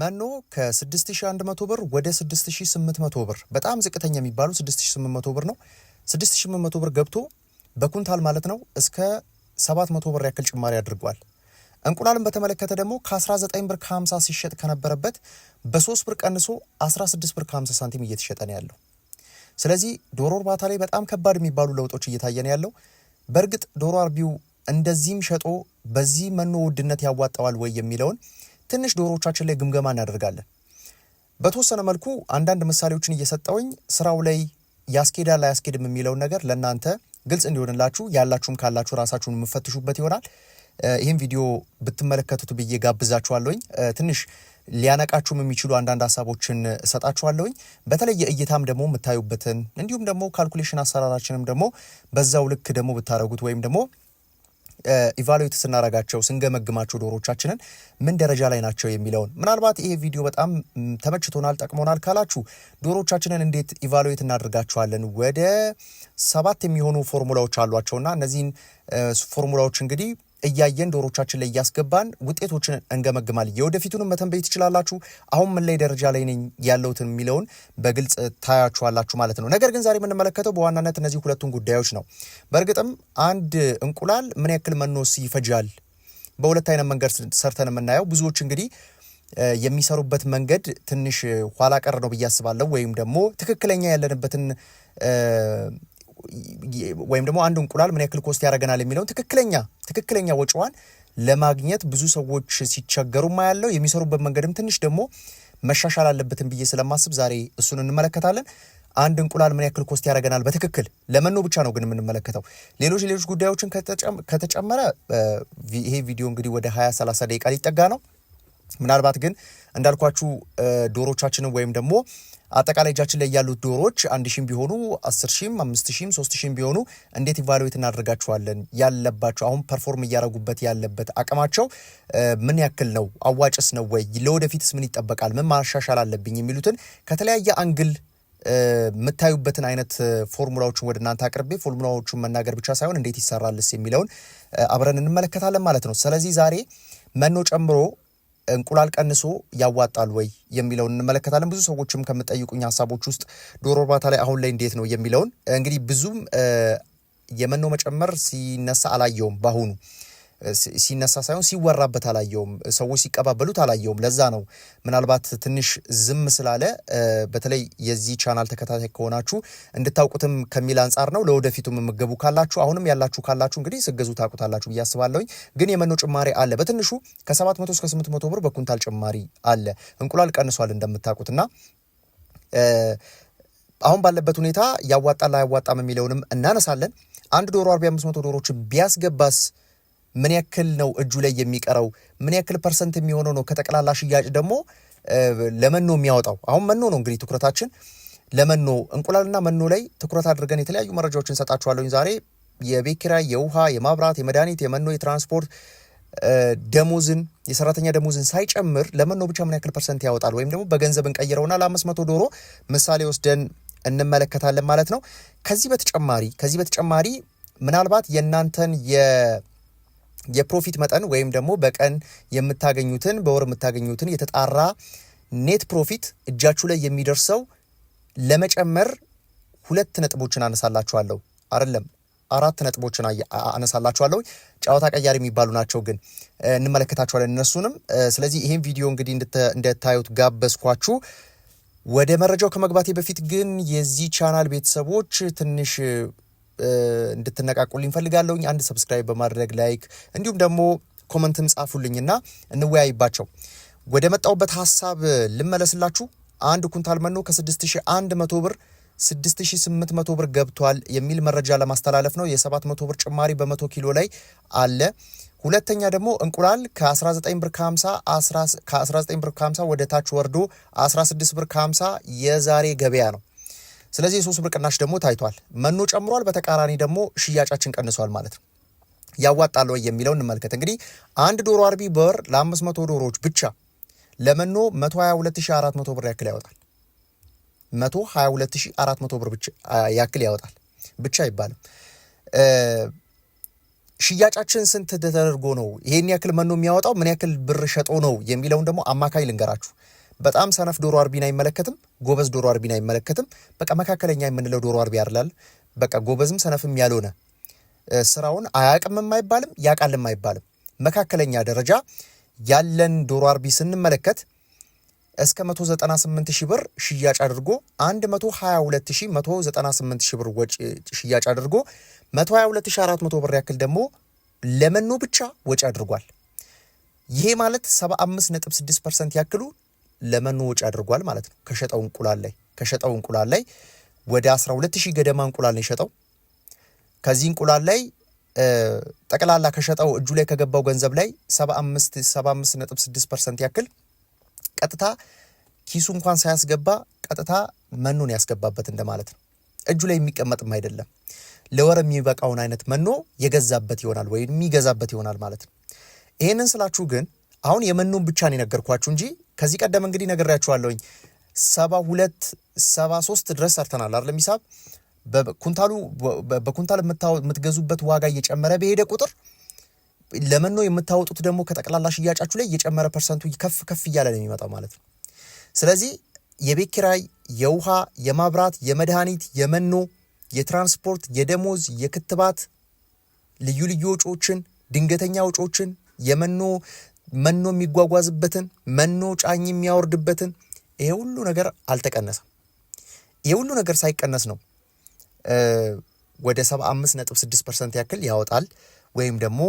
መኖ ከ6100 ብር ወደ 6800 ብር በጣም ዝቅተኛ የሚባሉ 6800 ብር ነው። 6800 ብር ገብቶ በኩንታል ማለት ነው እስከ 700 ብር ያክል ጭማሪ አድርጓል። እንቁላልን በተመለከተ ደግሞ ከ19 ብር ከ50 ሲሸጥ ከነበረበት በ3 ብር ቀንሶ 16 ብር ከ50 ሳንቲም እየተሸጠ ነው ያለው። ስለዚህ ዶሮ እርባታ ላይ በጣም ከባድ የሚባሉ ለውጦች እየታየ ነው ያለው። በእርግጥ ዶሮ አርቢው እንደዚህም ሸጦ በዚህ መኖ ውድነት ያዋጣዋል ወይ የሚለውን ትንሽ ዶሮቻችን ላይ ግምገማ እናደርጋለን። በተወሰነ መልኩ አንዳንድ ምሳሌዎችን እየሰጠውኝ ስራው ላይ ያስኬዳል አያስኬድም የሚለውን ነገር ለእናንተ ግልጽ እንዲሆንላችሁ ያላችሁም ካላችሁ ራሳችሁን የምፈትሹበት ይሆናል። ይህም ቪዲዮ ብትመለከቱት ብዬ ጋብዛችኋለሁኝ። ትንሽ ሊያነቃችሁም የሚችሉ አንዳንድ ሀሳቦችን እሰጣችኋለሁኝ። በተለየ እይታም ደግሞ የምታዩበትን እንዲሁም ደግሞ ካልኩሌሽን አሰራራችንም ደግሞ በዛው ልክ ደግሞ ብታደረጉት ወይም ደግሞ ኢቫሉዌት ስናረጋቸው ስንገመግማቸው ዶሮቻችንን ምን ደረጃ ላይ ናቸው የሚለውን ምናልባት ይሄ ቪዲዮ በጣም ተመችቶናል፣ ጠቅሞናል ካላችሁ ዶሮቻችንን እንዴት ኢቫሉዌት እናደርጋቸዋለን? ወደ ሰባት የሚሆኑ ፎርሙላዎች አሏቸውና እነዚህን ፎርሙላዎች እንግዲህ እያየን ዶሮቻችን ላይ እያስገባን ውጤቶችን እንገመግማል። የወደፊቱንም መተንበይ ትችላላችሁ። አሁን ምን ላይ ደረጃ ላይ ነኝ ያለውትን የሚለውን በግልጽ ታያችኋላችሁ ማለት ነው። ነገር ግን ዛሬ የምንመለከተው በዋናነት እነዚህ ሁለቱን ጉዳዮች ነው። በእርግጥም አንድ እንቁላል ምን ያክል መኖስ ይፈጃል? በሁለት አይነት መንገድ ሰርተን የምናየው ብዙዎች እንግዲህ የሚሰሩበት መንገድ ትንሽ ኋላ ቀር ነው ብዬ አስባለሁ። ወይም ደግሞ ትክክለኛ ያለንበትን ወይም ደግሞ አንድ እንቁላል ምን ያክል ኮስት ያደርገናል የሚለውን ትክክለኛ ትክክለኛ ወጪዋን ለማግኘት ብዙ ሰዎች ሲቸገሩ ማያለው የሚሰሩበት መንገድም ትንሽ ደግሞ መሻሻል አለበትም ብዬ ስለማስብ ዛሬ እሱን እንመለከታለን። አንድ እንቁላል ምን ያክል ኮስት ያደርገናል በትክክል ለመኖ ብቻ ነው ግን የምንመለከተው። ሌሎች ሌሎች ጉዳዮችን ከተጨመረ ይሄ ቪዲዮ እንግዲህ ወደ 20 30 ደቂቃ ሊጠጋ ነው። ምናልባት ግን እንዳልኳችሁ ዶሮቻችንን ወይም ደግሞ አጠቃላይ እጃችን ላይ ያሉት ዶሮዎች አንድ ሺህም ቢሆኑ አስር ሺህም አምስት ሺህም ሶስት ሺህም ቢሆኑ እንዴት ኢቫሉዌት እናደርጋቸዋለን? ያለባቸው አሁን ፐርፎርም እያደረጉበት ያለበት አቅማቸው ምን ያክል ነው? አዋጭስ ነው ወይ? ለወደፊትስ ምን ይጠበቃል? ምን ማሻሻል አለብኝ? የሚሉትን ከተለያየ አንግል የምታዩበትን አይነት ፎርሙላዎችን ወደ እናንተ አቅርቤ ፎርሙላዎቹን መናገር ብቻ ሳይሆን እንዴት ይሰራልስ የሚለውን አብረን እንመለከታለን ማለት ነው። ስለዚህ ዛሬ መኖ ጨምሮ እንቁላል ቀንሶ ያዋጣል ወይ የሚለውን እንመለከታለን። ብዙ ሰዎችም ከምጠይቁኝ ሀሳቦች ውስጥ ዶሮ እርባታ ላይ አሁን ላይ እንዴት ነው የሚለውን እንግዲህ ብዙም የመኖ መጨመር ሲነሳ አላየውም በአሁኑ ሲነሳ ሳይሆን ሲወራበት አላየውም። ሰዎች ሲቀባበሉት አላየውም። ለዛ ነው ምናልባት ትንሽ ዝም ስላለ በተለይ የዚህ ቻናል ተከታታይ ከሆናችሁ እንድታውቁትም ከሚል አንጻር ነው። ለወደፊቱ የምገቡ ካላችሁ አሁንም ያላችሁ ካላችሁ እንግዲህ ስገዙ ታውቁታላችሁ ብዬ አስባለሁኝ። ግን የመኖ ጭማሪ አለ። በትንሹ ከ700 እስከ 800 ብር በኩንታል ጭማሪ አለ። እንቁላል ቀንሷል እንደምታውቁትና አሁን ባለበት ሁኔታ ያዋጣል አያዋጣም የሚለውንም እናነሳለን። አንድ ዶሮ 4500 ዶሮዎችን ቢያስገባስ ምን ያክል ነው እጁ ላይ የሚቀረው? ምን ያክል ፐርሰንት የሚሆነው ነው ከጠቅላላ ሽያጭ ደግሞ ለመኖ የሚያወጣው? አሁን መኖ ነው እንግዲህ ትኩረታችን ለመኖ እንቁላልና መኖ ላይ ትኩረት አድርገን የተለያዩ መረጃዎችን ሰጣችኋለሁኝ። ዛሬ የቤት ኪራይ፣ የውሃ፣ የማብራት፣ የመድኃኒት፣ የመኖ፣ የትራንስፖርት ደሞዝን የሰራተኛ ደሞዝን ሳይጨምር ለመኖ ብቻ ምን ያክል ፐርሰንት ያወጣል ወይም ደግሞ በገንዘብ እንቀይረውና ለአምስት መቶ ዶሮ ምሳሌ ወስደን እንመለከታለን ማለት ነው። ከዚህ በተጨማሪ ከዚህ በተጨማሪ ምናልባት የእናንተን የፕሮፊት መጠን ወይም ደግሞ በቀን የምታገኙትን በወር የምታገኙትን የተጣራ ኔት ፕሮፊት እጃችሁ ላይ የሚደርሰው ለመጨመር ሁለት ነጥቦችን አነሳላችኋለሁ። አይደለም አራት ነጥቦችን አነሳላችኋለሁ። ጨዋታ ቀያሪ የሚባሉ ናቸው፣ ግን እንመለከታችኋለን እነሱንም። ስለዚህ ይህን ቪዲዮ እንግዲህ እንደታዩት ጋበዝኳችሁ። ወደ መረጃው ከመግባቴ በፊት ግን የዚህ ቻናል ቤተሰቦች ትንሽ እንድትነቃቁልኝ ፈልጋለሁኝ። አንድ ሰብስክራይብ በማድረግ ላይክ፣ እንዲሁም ደግሞ ኮመንትም ጻፉልኝና እንወያይባቸው። ወደ መጣሁበት ሀሳብ ልመለስላችሁ። አንድ ኩንታል መኖ ከ6100 ብር 6800 ብር ገብቷል የሚል መረጃ ለማስተላለፍ ነው። የ700 ብር ጭማሪ በ100 ኪሎ ላይ አለ። ሁለተኛ ደግሞ እንቁላል ከ19 ብር ከ50 ወደ ታች ወርዶ 16 ብር 50 የዛሬ ገበያ ነው። ስለዚህ የሶስት ብር ቅናሽ ደግሞ ታይቷል። መኖ ጨምሯል፣ በተቃራኒ ደግሞ ሽያጫችን ቀንሷል ማለት ነው። ያዋጣል ወይ የሚለው እንመልከት። እንግዲህ አንድ ዶሮ አርቢ በወር ለ500 ዶሮዎች ብቻ ለመኖ 122400 ብር ያክል ያወጣል። 122400 ብር ብቻ ያክል ያወጣል ብቻ አይባልም። ሽያጫችን ስንት ተደርጎ ነው ይሄን ያክል መኖ የሚያወጣው? ምን ያክል ብር ሸጦ ነው የሚለውን ደግሞ አማካይ ልንገራችሁ። በጣም ሰነፍ ዶሮ አርቢን አይመለከትም፣ ጎበዝ ዶሮ አርቢን አይመለከትም። በቃ መካከለኛ የምንለው ዶሮ አርቢ ያርላል። በቃ ጎበዝም ሰነፍም ያልሆነ ስራውን አያቅምም አይባልም፣ ያቃልም አይባልም። መካከለኛ ደረጃ ያለን ዶሮ አርቢ ስንመለከት እስከ 198 ሺህ ብር ሽያጭ አድርጎ 122198 ሺህ ብር ወጪ ሽያጭ አድርጎ 122400 ብር ያክል ደግሞ ለመኖ ብቻ ወጪ አድርጓል። ይሄ ማለት 75.6 ፐርሰንት ያክሉ ለመኖ ወጪ አድርጓል ማለት ነው። ከሸጠው እንቁላል ላይ ከሸጠው እንቁላል ላይ ወደ 12000 ገደማ እንቁላል ነው የሸጠው። ከዚህ እንቁላል ላይ ጠቅላላ ከሸጠው እጁ ላይ ከገባው ገንዘብ ላይ 75 75.6% ያክል ቀጥታ ኪሱ እንኳን ሳያስገባ ቀጥታ መኖን ያስገባበት እንደማለት ነው። እጁ ላይ የሚቀመጥም አይደለም። ለወር የሚበቃውን አይነት መኖ የገዛበት ይሆናል ወይም የሚገዛበት ይሆናል ማለት ነው። ይህንን ስላችሁ ግን አሁን የመኖን ብቻ ነው የነገርኳችሁ እንጂ ከዚህ ቀደም እንግዲህ ነግሬያችኋለሁኝ ሰባ ሁለት ሰባ ሶስት ድረስ ሰርተናል አይደለም ሂሳብ በኩንታሉ በኩንታል የምትገዙበት ዋጋ እየጨመረ በሄደ ቁጥር ለመኖ የምታወጡት ደግሞ ከጠቅላላ ሽያጫችሁ ላይ እየጨመረ ፐርሰንቱ ከፍ ከፍ እያለ ነው የሚመጣው ማለት ነው። ስለዚህ የቤት ኪራይ፣ የውሃ፣ የማብራት፣ የመድኃኒት፣ የመኖ፣ የትራንስፖርት፣ የደሞዝ፣ የክትባት ልዩ ልዩ ወጪዎችን፣ ድንገተኛ ወጪዎችን የመኖ መኖ የሚጓጓዝበትን መኖ ጫኝ የሚያወርድበትን ይሄ ሁሉ ነገር አልተቀነሰም። ይሄ ሁሉ ነገር ሳይቀነስ ነው ወደ 75.6 ፐርሰንት ያክል ያወጣል ወይም ደግሞ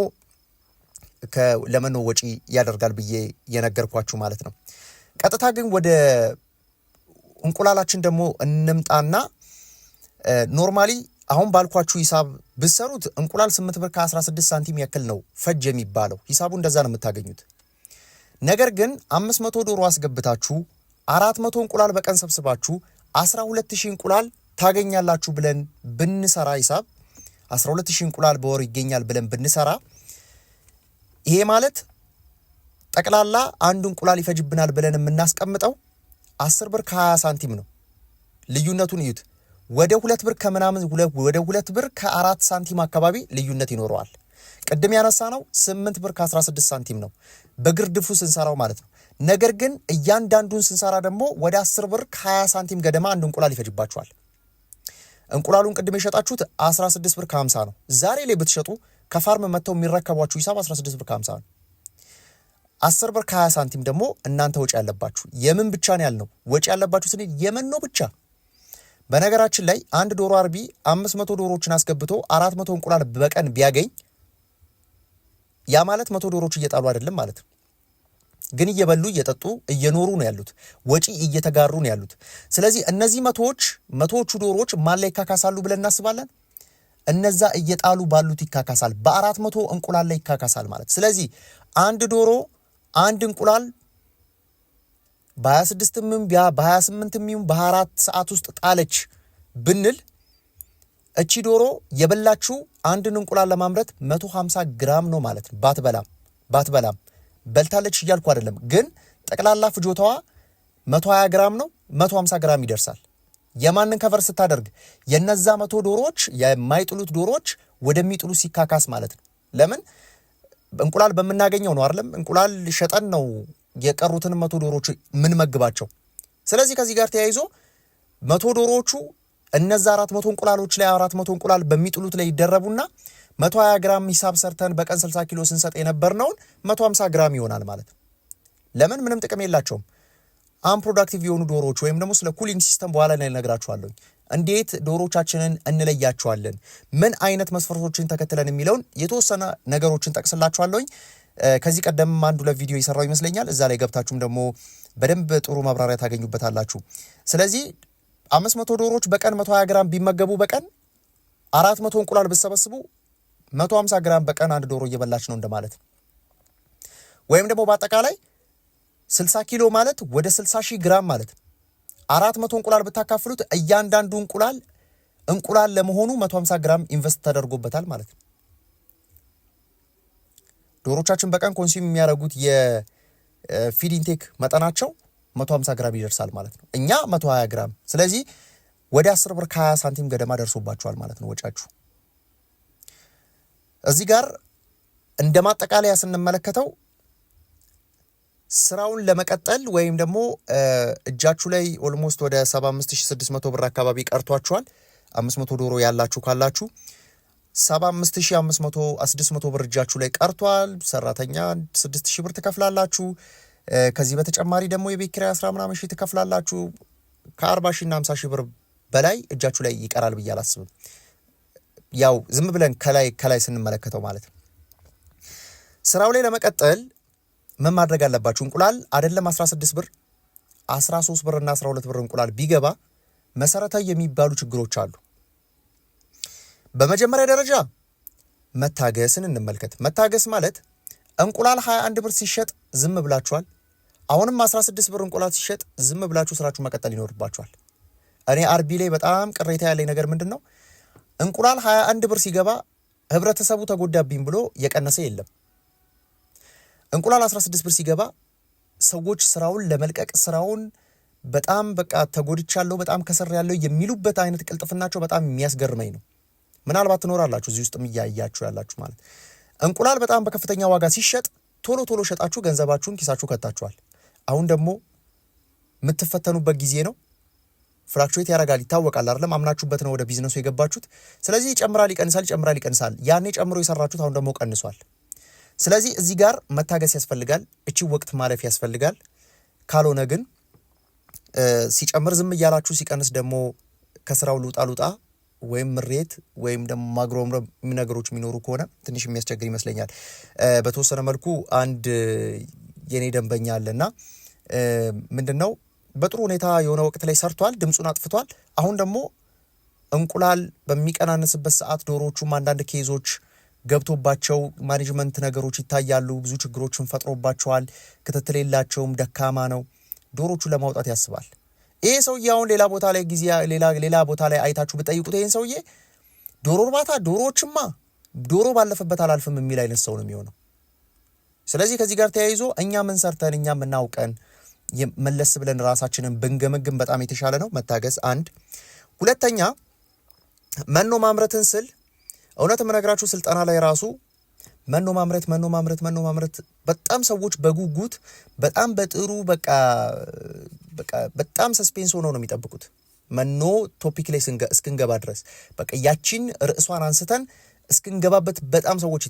ለመኖ ወጪ ያደርጋል ብዬ የነገርኳችሁ ማለት ነው። ቀጥታ ግን ወደ እንቁላላችን ደግሞ እንምጣና ኖርማሊ አሁን ባልኳችሁ ሂሳብ ብትሰሩት እንቁላል 8 ብር ከ16 ሳንቲም ያክል ነው ፈጅ የሚባለው። ሂሳቡ እንደዛ ነው የምታገኙት። ነገር ግን 500 ዶሮ አስገብታችሁ 400 እንቁላል በቀን ሰብስባችሁ 12000 እንቁላል ታገኛላችሁ ብለን ብንሰራ ሂሳብ 12000 እንቁላል በወር ይገኛል ብለን ብንሰራ ይሄ ማለት ጠቅላላ አንዱ እንቁላል ይፈጅብናል ብለን የምናስቀምጠው 10 ብር ከ20 ሳንቲም ነው። ልዩነቱን እዩት። ወደ ሁለት ብር ከምናምን ወደ ሁለት ብር ከአራት ሳንቲም አካባቢ ልዩነት ይኖረዋል። ቅድም ያነሳ ነው ስምንት ብር ከ16 ሳንቲም ነው በግርድፉ ስንሰራው ማለት ነው። ነገር ግን እያንዳንዱን ስንሰራ ደግሞ ወደ 10 ብር ከ20 ሳንቲም ገደማ አንድ እንቁላል ይፈጅባችኋል። እንቁላሉን ቅድም የሸጣችሁት 16 ብር ከ50 ነው። ዛሬ ላይ ብትሸጡ ከፋርም መጥተው የሚረከቧችሁ ሂሳብ 16 ብር ከ50 ነው። 10 ብር ከ20 ሳንቲም ደግሞ እናንተ ወጪ ያለባችሁ የምን ብቻ ነው ያልነው? ወጪ ያለባችሁ ስንል የመኖ ብቻ በነገራችን ላይ አንድ ዶሮ አርቢ 500 ዶሮዎችን አስገብቶ 400 እንቁላል በቀን ቢያገኝ ያ ማለት መቶ ዶሮዎች እየጣሉ አይደለም ማለት ነው። ግን እየበሉ እየጠጡ እየኖሩ ነው ያሉት፣ ወጪ እየተጋሩ ነው ያሉት። ስለዚህ እነዚህ መቶዎች መቶዎቹ ዶሮዎች ማን ላይ ይካካሳሉ ብለን እናስባለን? እነዛ እየጣሉ ባሉት ይካካሳል። በአራት መቶ እንቁላል ላይ ይካካሳል ማለት ስለዚህ አንድ ዶሮ አንድ እንቁላል በ26ም በ28ም በ24 ሰዓት ውስጥ ጣለች ብንል እቺ ዶሮ የበላችው አንድን እንቁላል ለማምረት 150 ግራም ነው ማለት ነው። ባትበላም ባትበላም በልታለች እያልኩ አይደለም፣ ግን ጠቅላላ ፍጆታዋ 120 ግራም ነው፣ 150 ግራም ይደርሳል። የማንን ከቨር ስታደርግ የነዛ መቶ ዶሮዎች የማይጥሉት ዶሮዎች ወደሚጥሉ ሲካካስ ማለት ነው። ለምን እንቁላል በምናገኘው ነው አይደለም? እንቁላል ሸጠን ነው የቀሩትን መቶ ዶሮዎች ምን መግባቸው። ስለዚህ ከዚህ ጋር ተያይዞ መቶ ዶሮዎቹ እነዛ አራት መቶ እንቁላሎች ላይ አራት መቶ እንቁላል በሚጥሉት ላይ ይደረቡና መቶ ሀያ ግራም ሂሳብ ሰርተን በቀን ስልሳ ኪሎ ስንሰጥ የነበርነውን መቶ ሀምሳ ግራም ይሆናል ማለት ለምን ምንም ጥቅም የላቸውም። አንፕሮዳክቲቭ የሆኑ ዶሮዎች ወይም ደግሞ ስለ ኩሊንግ ሲስተም በኋላ ላይ እነግራችኋለሁ። እንዴት ዶሮቻችንን እንለያቸዋለን፣ ምን አይነት መስፈርቶችን ተከትለን የሚለውን የተወሰነ ነገሮችን ጠቅስላችኋለሁኝ። ከዚህ ቀደም አንዱ ሁለት ቪዲዮ የሰራው ይመስለኛል። እዛ ላይ ገብታችሁም ደግሞ በደንብ ጥሩ ማብራሪያ ታገኙበታላችሁ። ስለዚህ አምስት መቶ ዶሮዎች በቀን 120 ግራም ቢመገቡ በቀን አራት መቶ እንቁላል ብትሰበስቡ 150 ግራም በቀን አንድ ዶሮ እየበላች ነው እንደማለት ወይም ደግሞ በአጠቃላይ 60 ኪሎ ማለት ወደ 60 ሺህ ግራም ማለት አራት መቶ እንቁላል ብታካፍሉት እያንዳንዱ እንቁላል እንቁላል ለመሆኑ 150 ግራም ኢንቨስት ተደርጎበታል ማለት ነው። ዶሮቻችን በቀን ኮንሱም የሚያደርጉት የፊድ ኢንቴክ መጠናቸው 150 ግራም ይደርሳል ማለት ነው። እኛ 120 ግራም። ስለዚህ ወደ 10 ብር ከ20 ሳንቲም ገደማ ደርሶባችኋል ማለት ነው ወጫችሁ። እዚህ ጋር እንደ ማጠቃለያ ስንመለከተው ስራውን ለመቀጠል ወይም ደግሞ እጃችሁ ላይ ኦልሞስት ወደ 75600 ብር አካባቢ ቀርቷችኋል። 500 ዶሮ ያላችሁ ካላችሁ 75500 ብር እጃችሁ ላይ ቀርቷል። ሰራተኛ 6000 ብር ትከፍላላችሁ። ከዚህ በተጨማሪ ደግሞ የቤት ኪራይ 10 ምናምን ሺህ ትከፍላላችሁ። ከ40 ሺህ እና 50 ሺህ ብር በላይ እጃችሁ ላይ ይቀራል ብዬ አላስብም። ያው ዝም ብለን ከላይ ከላይ ስንመለከተው ማለት ነው። ስራው ላይ ለመቀጠል ምን ማድረግ አለባችሁ? እንቁላል አይደለም 16 ብር 13 ብር እና 12 ብር እንቁላል ቢገባ መሰረታዊ የሚባሉ ችግሮች አሉ። በመጀመሪያ ደረጃ መታገስን እንመልከት። መታገስ ማለት እንቁላል 21 ብር ሲሸጥ ዝም ብላችኋል። አሁንም 16 ብር እንቁላል ሲሸጥ ዝም ብላችሁ ስራችሁ መቀጠል ይኖርባችኋል። እኔ አርቢ ላይ በጣም ቅሬታ ያለኝ ነገር ምንድን ነው? እንቁላል 21 ብር ሲገባ ህብረተሰቡ ተጎዳብኝ ብሎ የቀነሰ የለም። እንቁላል 16 ብር ሲገባ ሰዎች ስራውን ለመልቀቅ ስራውን በጣም በቃ ተጎድቻለሁ፣ በጣም ከሰር ያለው የሚሉበት አይነት ቅልጥፍናቸው በጣም የሚያስገርመኝ ነው። ምናልባት ትኖራላችሁ እዚህ ውስጥ እያያችሁ ያላችሁ ማለት። እንቁላል በጣም በከፍተኛ ዋጋ ሲሸጥ ቶሎ ቶሎ ሸጣችሁ ገንዘባችሁን ኪሳችሁ ከታችኋል። አሁን ደግሞ የምትፈተኑበት ጊዜ ነው። ፍላክቹዌት ያደርጋል ይታወቃል፣ አይደለም? አምናችሁበት ነው ወደ ቢዝነሱ የገባችሁት። ስለዚህ ይጨምራል፣ ይቀንሳል፣ ይጨምራል፣ ይቀንሳል። ያኔ ጨምሮ የሰራችሁት አሁን ደግሞ ቀንሷል። ስለዚህ እዚህ ጋር መታገስ ያስፈልጋል። እቺ ወቅት ማለፍ ያስፈልጋል። ካልሆነ ግን ሲጨምር ዝም እያላችሁ ሲቀንስ ደግሞ ከስራው ልውጣ ልውጣ ወይም ምሬት ወይም ደግሞ ማግረምረም ነገሮች የሚኖሩ ከሆነ ትንሽ የሚያስቸግር ይመስለኛል። በተወሰነ መልኩ አንድ የኔ ደንበኛ አለና ምንድን ነው በጥሩ ሁኔታ የሆነ ወቅት ላይ ሰርቷል፣ ድምፁን አጥፍቷል። አሁን ደግሞ እንቁላል በሚቀናንስበት ሰዓት ዶሮዎቹም አንዳንድ ኬዞች ገብቶባቸው ማኔጅመንት ነገሮች ይታያሉ። ብዙ ችግሮችን ፈጥሮባቸዋል። ክትትል የላቸውም፣ ደካማ ነው። ዶሮቹን ለማውጣት ያስባል። ይሄ ሰውዬ አሁን ሌላ ቦታ ላይ ጊዜ ሌላ ቦታ ላይ አይታችሁ ብጠይቁት ይሄን ሰውዬ ዶሮ እርባታ ዶሮዎችማ ዶሮ ባለፈበት አላልፍም የሚል አይነት ሰው ነው የሚሆነው። ስለዚህ ከዚህ ጋር ተያይዞ እኛ ምን ሰርተን እኛ የምናውቀን መለስ ብለን ራሳችንን ብንገመግም በጣም የተሻለ ነው። መታገስ አንድ። ሁለተኛ መኖ ማምረትን ስል እውነት የምነግራችሁ ስልጠና ላይ ራሱ መኖ ማምረት መኖ ማምረት መኖ ማምረት በጣም ሰዎች በጉጉት በጣም በጥሩ በቃ በቃ በጣም ሰስፔንስ ሆነው ነው የሚጠብቁት መኖ ቶፒክ ላይ እስክንገባ ድረስ በቃ ያቺን ርዕሷን አንስተን እስክንገባበት በጣም ሰዎች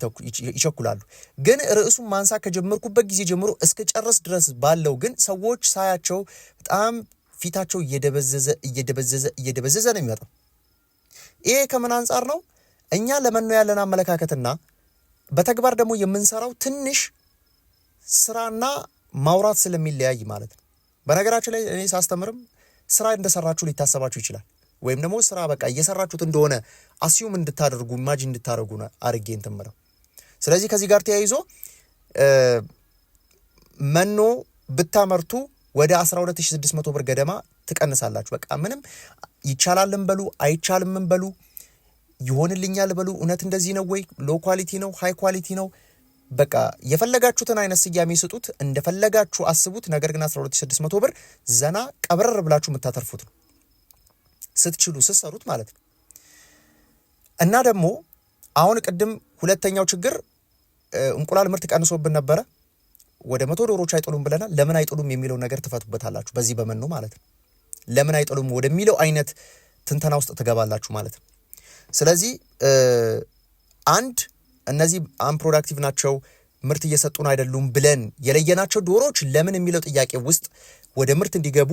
ይቸኩላሉ። ግን ርዕሱን ማንሳት ከጀመርኩበት ጊዜ ጀምሮ እስከ ጨረስ ድረስ ባለው ግን ሰዎች ሳያቸው በጣም ፊታቸው እየደበዘዘ እየደበዘዘ እየደበዘዘ ነው የሚመጣው። ይሄ ከምን አንጻር ነው? እኛ ለመኖ ያለን አመለካከትና በተግባር ደግሞ የምንሰራው ትንሽ ስራና ማውራት ስለሚለያይ ማለት ነው። በነገራችን ላይ እኔ ሳስተምርም ስራ እንደሰራችሁ ሊታሰባችሁ ይችላል። ወይም ደግሞ ስራ በቃ እየሰራችሁት እንደሆነ አስዩም እንድታደርጉ ኢማጂን እንድታደርጉ አድርጌ እንትን ስለዚህ ከዚህ ጋር ተያይዞ መኖ ብታመርቱ ወደ 12600 ብር ገደማ ትቀንሳላችሁ። በቃ ምንም ይቻላልም በሉ አይቻልምም በሉ ይሆንልኛል በሉ። እውነት እንደዚህ ነው ወይ? ሎ ኳሊቲ ነው ሃይ ኳሊቲ ነው? በቃ የፈለጋችሁትን አይነት ስያሜ ስጡት፣ እንደፈለጋችሁ አስቡት። ነገር ግን 12600 ብር ዘና ቀብረር ብላችሁ የምታተርፉት ነው ስትችሉ ስትሰሩት ማለት ነው። እና ደግሞ አሁን ቅድም ሁለተኛው ችግር እንቁላል ምርት ቀንሶብን ነበረ። ወደ መቶ ዶሮች አይጥሉም ብለናል። ለምን አይጥሉም የሚለው ነገር ትፈቱበታላችሁ በዚህ በመኖ ማለት ነው። ለምን አይጥሉም ወደሚለው አይነት ትንተና ውስጥ ትገባላችሁ ማለት ነው። ስለዚህ አንድ እነዚህ አንፕሮዳክቲቭ ናቸው ምርት እየሰጡን አይደሉም ብለን የለየናቸው ዶሮዎች ለምን የሚለው ጥያቄ ውስጥ ወደ ምርት እንዲገቡ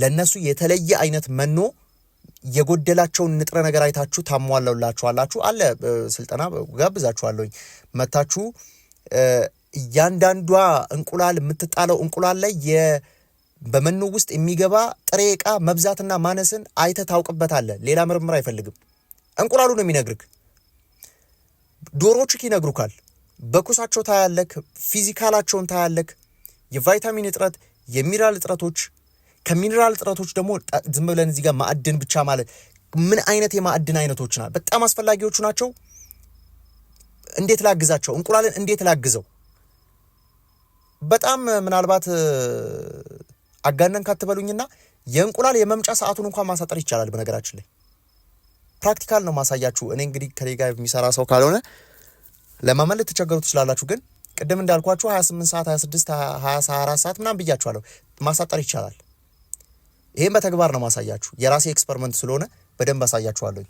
ለእነሱ የተለየ አይነት መኖ የጎደላቸውን ንጥረ ነገር አይታችሁ ታሟላላችኋላችሁ አለ ስልጠና ጋብዛችኋለሁኝ መታችሁ እያንዳንዷ እንቁላል የምትጣለው እንቁላል ላይ በመኖ ውስጥ የሚገባ ጥሬ ዕቃ መብዛትና ማነስን አይተ ታውቅበታለ ሌላ ምርምር አይፈልግም እንቁላሉ ነው የሚነግርክ። ዶሮዎችክ ይነግሩካል። በኩሳቸው ታያለክ፣ ፊዚካላቸውን ታያለክ። የቫይታሚን እጥረት፣ የሚኒራል እጥረቶች ከሚነራል እጥረቶች ደግሞ ዝም ብለን እዚህ ጋር ማዕድን ብቻ ማለት ምን አይነት የማዕድን አይነቶች ናል በጣም አስፈላጊዎቹ ናቸው። እንዴት ላግዛቸው? እንቁላልን እንዴት ላግዘው? በጣም ምናልባት አጋነን ካትበሉኝና የእንቁላል የመምጫ ሰዓቱን እንኳን ማሳጠር ይቻላል በነገራችን ላይ ፕራክቲካል ነው ማሳያችሁ። እኔ እንግዲህ ከኔ ጋር የሚሰራ ሰው ካልሆነ ለማመን ልትቸገሩ ትችላላችሁ። ግን ቅድም እንዳልኳችሁ 28 ሰዓት፣ 26፣ 24 ሰዓት ምናምን ብያችኋለሁ ማሳጠር ይቻላል። ይህም በተግባር ነው ማሳያችሁ። የራሴ ኤክስፐሪመንት ስለሆነ በደንብ አሳያችኋለሁ።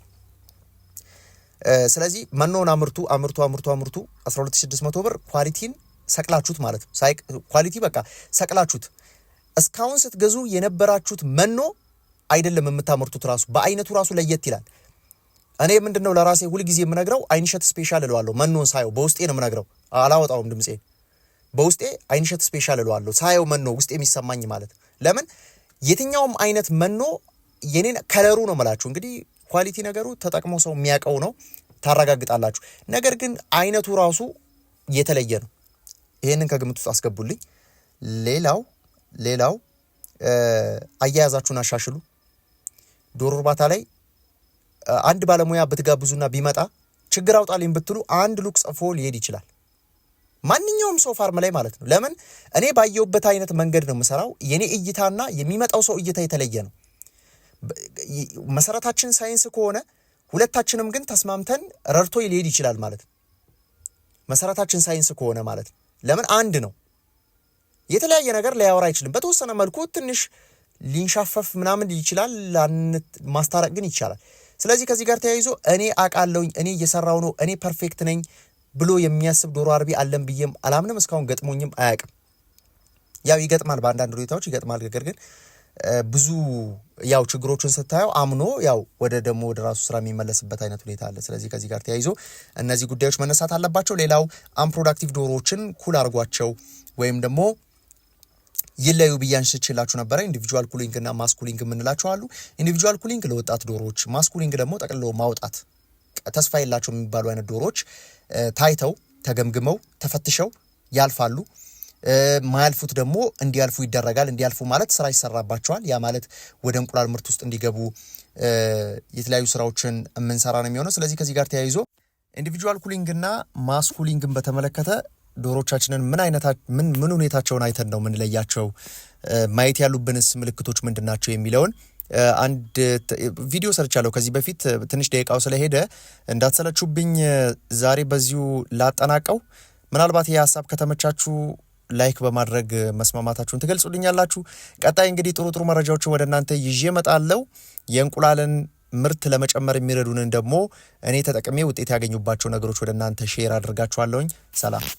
ስለዚህ መኖን አምርቱ አምርቱ አምርቱ አምርቱ 12600 ብር ኳሊቲን ሰቅላችሁት ማለት ነው። ኳሊቲ በቃ ሰቅላችሁት እስካሁን ስትገዙ የነበራችሁት መኖ አይደለም የምታመርቱት ራሱ በአይነቱ ራሱ ለየት ይላል። እኔ ምንድን ነው ለራሴ ሁልጊዜ የምነግረው አይንሸት ስፔሻል እለዋለሁ። መኖን ሳየው በውስጤ ነው የምነግረው፣ አላወጣውም ድምፄ በውስጤ አይንሸት ስፔሻል እለዋለሁ። ሳየው መኖ ውስጤ የሚሰማኝ ማለት ለምን የትኛውም አይነት መኖ የኔን ከለሩ ነው የምላችሁ። እንግዲህ ኳሊቲ ነገሩ ተጠቅሞ ሰው የሚያውቀው ነው ታረጋግጣላችሁ። ነገር ግን አይነቱ ራሱ የተለየ ነው። ይህንን ከግምት ውስጥ አስገቡልኝ። ሌላው ሌላው አያያዛችሁን አሻሽሉ። ዶሮ እርባታ ላይ አንድ ባለሙያ ብትጋብዙና ቢመጣ ችግር አውጣልኝ ብትሉ አንድ ሉክ ጽፎ ሊሄድ ይችላል። ማንኛውም ሰው ፋርም ላይ ማለት ነው። ለምን እኔ ባየሁበት አይነት መንገድ ነው የምሰራው። የኔ እይታና የሚመጣው ሰው እይታ የተለየ ነው። መሰረታችን ሳይንስ ከሆነ ሁለታችንም ግን ተስማምተን ረድቶ ሊሄድ ይችላል ማለት ነው። መሰረታችን ሳይንስ ከሆነ ማለት ነው። ለምን አንድ ነው። የተለያየ ነገር ሊያወራ አይችልም። በተወሰነ መልኩ ትንሽ ሊንሻፈፍ ምናምን ይችላል። ማስታረቅ ግን ይቻላል። ስለዚህ ከዚህ ጋር ተያይዞ እኔ አቃለውኝ እኔ እየሰራው ነው እኔ ፐርፌክት ነኝ ብሎ የሚያስብ ዶሮ አርቢ አለን ብዬም አላምንም። እስካሁን ገጥሞኝም አያውቅም። ያው ይገጥማል፣ በአንዳንድ ሁኔታዎች ይገጥማል። ነገር ግን ብዙ ያው ችግሮችን ስታየው አምኖ ያው ወደ ደግሞ ወደ ራሱ ስራ የሚመለስበት አይነት ሁኔታ አለ። ስለዚህ ከዚህ ጋር ተያይዞ እነዚህ ጉዳዮች መነሳት አለባቸው። ሌላው አንፕሮዳክቲቭ ዶሮዎችን ኩል አድርጓቸው ወይም ደግሞ ይለዩ ብዬ አንስቼላችሁ ነበረ። ኢንዲቪጁዋል ኩሊንግ እና ማስኩሊንግ የምንላቸው አሉ። ኢንዲቪጁዋል ኩሊንግ ለወጣት ዶሮዎች፣ ማስኩሊንግ ደግሞ ጠቅልሎ ማውጣት ተስፋ የላቸው የሚባሉ አይነት ዶሮዎች ታይተው ተገምግመው ተፈትሸው ያልፋሉ። ማያልፉት ደግሞ እንዲያልፉ ይደረጋል። እንዲያልፉ ማለት ስራ ይሰራባቸዋል። ያ ማለት ወደ እንቁላል ምርት ውስጥ እንዲገቡ የተለያዩ ስራዎችን የምንሰራ ነው የሚሆነው። ስለዚህ ከዚህ ጋር ተያይዞ ኢንዲቪጁዋል ኩሊንግ እና ማስኩሊንግን በተመለከተ ዶሮቻችንን ምን አይነታ ምን ምን ሁኔታቸውን አይተን ነው ምንለያቸው? ማየት ያሉብንስ ምልክቶች ምንድን ናቸው የሚለውን አንድ ቪዲዮ ሰርቻለሁ ከዚህ በፊት ትንሽ ደቂቃው ስለሄደ እንዳትሰለችሁብኝ ዛሬ በዚሁ ላጠናቀው። ምናልባት ይህ ሀሳብ ከተመቻችሁ ላይክ በማድረግ መስማማታችሁን ትገልጹልኛላችሁ። ቀጣይ እንግዲህ ጥሩ ጥሩ መረጃዎችን ወደ እናንተ ይዤ እመጣለሁ። የእንቁላልን ምርት ለመጨመር የሚረዱንን ደግሞ እኔ ተጠቅሜ ውጤት ያገኙባቸው ነገሮች ወደ እናንተ ሼር አድርጋችኋለሁኝ። ሰላም